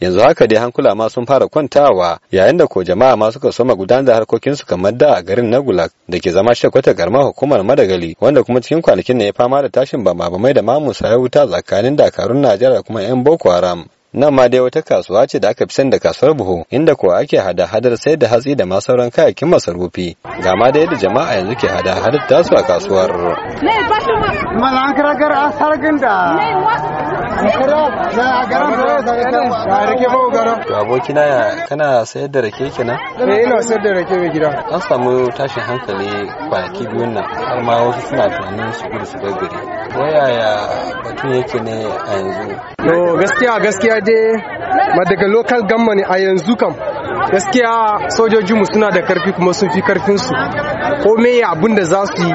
yanzu haka dai hankula ma sun fara kwantawa yayin da ko jama'a ma suka soma gudanar da harkokinsu kamar da a garin nagulak da ke zama shakwata garma hukumar madagali wanda kuma cikin kwanakin ne ya fama da tashin bama mai da mamu wuta tsakanin dakarun najeriya kuma yan boko haram nan ma dai wata kasuwa ce da aka fi san da kasuwar buhu inda kuwa ake hada hadar sai da hatsi da ma sauran kayayyakin masarufi ga ma da yadda jama'a yanzu ke hada hadar tasu a kasuwar abokina ya kana sayar da rake kenan? Eh ina sayar da rake mai gida. An samu tashin hankali kwanaki biyun nan har ma wasu suna tunanin su gudu su gaggare. Wayaya batun yake ne a yanzu? gaskiya gaskiya dai daga local government a yanzu kam gaskiya sojojinmu suna da karfi kuma sun fi karfinsu ko me abin da za su yi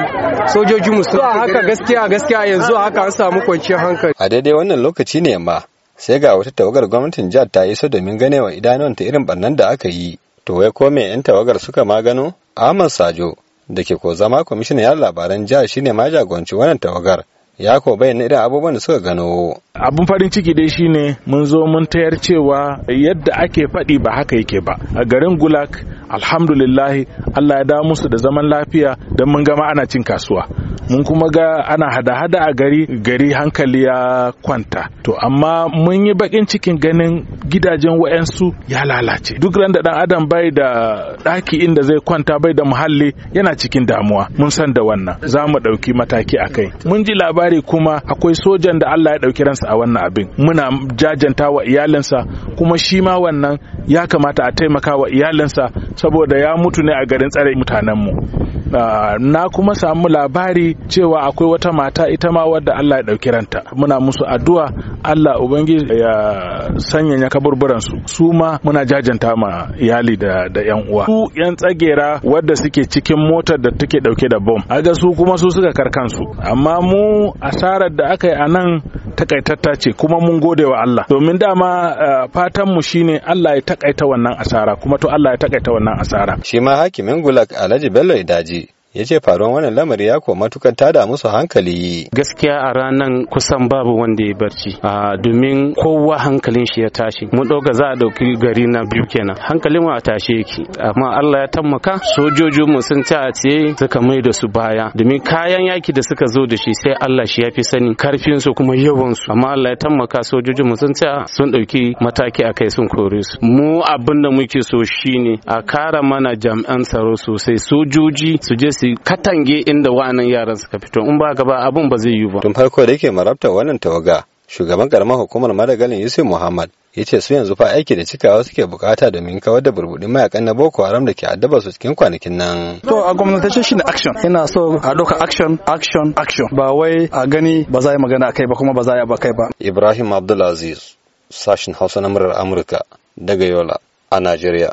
sojojinmu suna haka gaskiya gaskiya yanzu haka an samu kwanciyar hankali a daidai wannan lokaci ne ma sai ga wata tawagar gwamnatin jihar ta iso domin ganewa ta irin barnan da aka yi to wai ko me yan tawagar suka ma gano ahmad sajo da ke ko zama kwamishinan yan labaran jihar shine ma jagoranci wannan tawagar ya ko bayyana irin abubuwan da suka gano. Abun farin ciki dai shine mun zo mun tayar cewa yadda ake faɗi ba haka yake ba. A garin Gulak alhamdulillahi Allah ya dawo musu da zaman lafiya don mun gama ana cin kasuwa. mun kuma ga ana hada-hada a gari gari hankali ya kwanta to amma mun yi bakin cikin ganin gidajen wayansu ya lalace duk ran da dan adam bai da daki inda zai kwanta bai da muhalli yana cikin damuwa mun san da wannan za mu ɗauki mataki a kai mun ji labari kuma akwai sojan da Allah ya ɗauki ransa a wannan abin muna jajanta wa iyalinsa kuma shi ma wannan ya kamata a taimaka wa iyalinsa saboda ya mutu ne a garin tsare mutanenmu Ah, na kuma samu labari cewa akwai wata mata ita ma wadda Allah ya ɗauki ranta muna musu addu'a Allah ubangiji ya sanyanya kaburburansu su ma muna jajanta ma iyali da da yan uwa su yan tsagera wadda suke cikin motar da take ɗauke da bom aga su kuma su suka karkansu amma mu asarar da aka yi a nan takaitatta ce kuma mun gode wa Allah domin dama eh, fatan mu shine Allah ya takaita wannan asara kuma to Allah ya takaita wannan asara shi ma hakimin Gulak Alhaji Bello Idaji ya ce faruwan wannan lamari ya kuwa matukar da musu hankali gaskiya a ranan kusan babu wanda ya barci a domin kowa hankalin shi ya tashi mun dauka za a dauki gari na biyu kenan hankalin a tashe yake amma Allah ya tammaka sojojin mu sun ta a suka mai da su baya domin kayan yaki da suka zo da shi sai Allah shi ya fi sani karfin su kuma yawan su amma Allah ya tammaka sojoji mu sun ta sun dauki mataki akai sun kore su mu abin da muke so shine a kara mana jami'an tsaro sosai sojoji su je su katange inda wa'annan yaran suka fito in ba gaba abun ba zai yi ba tun farko da yake marabta wannan tawaga shugaban karamar hukumar madagalin yusuf muhammad ya ce su yanzu fa aiki da cikawa suke bukata domin kawar da burbudin mayakan na boko haram da ke addaba su cikin kwanakin nan to a gwamnatace shi ne action ina so a doka action action action ba wai a gani ba za a yi magana kai ba kuma ba za a yi ba kai ba ibrahim abdulaziz sashin hausa na murar amurka daga yola a najeriya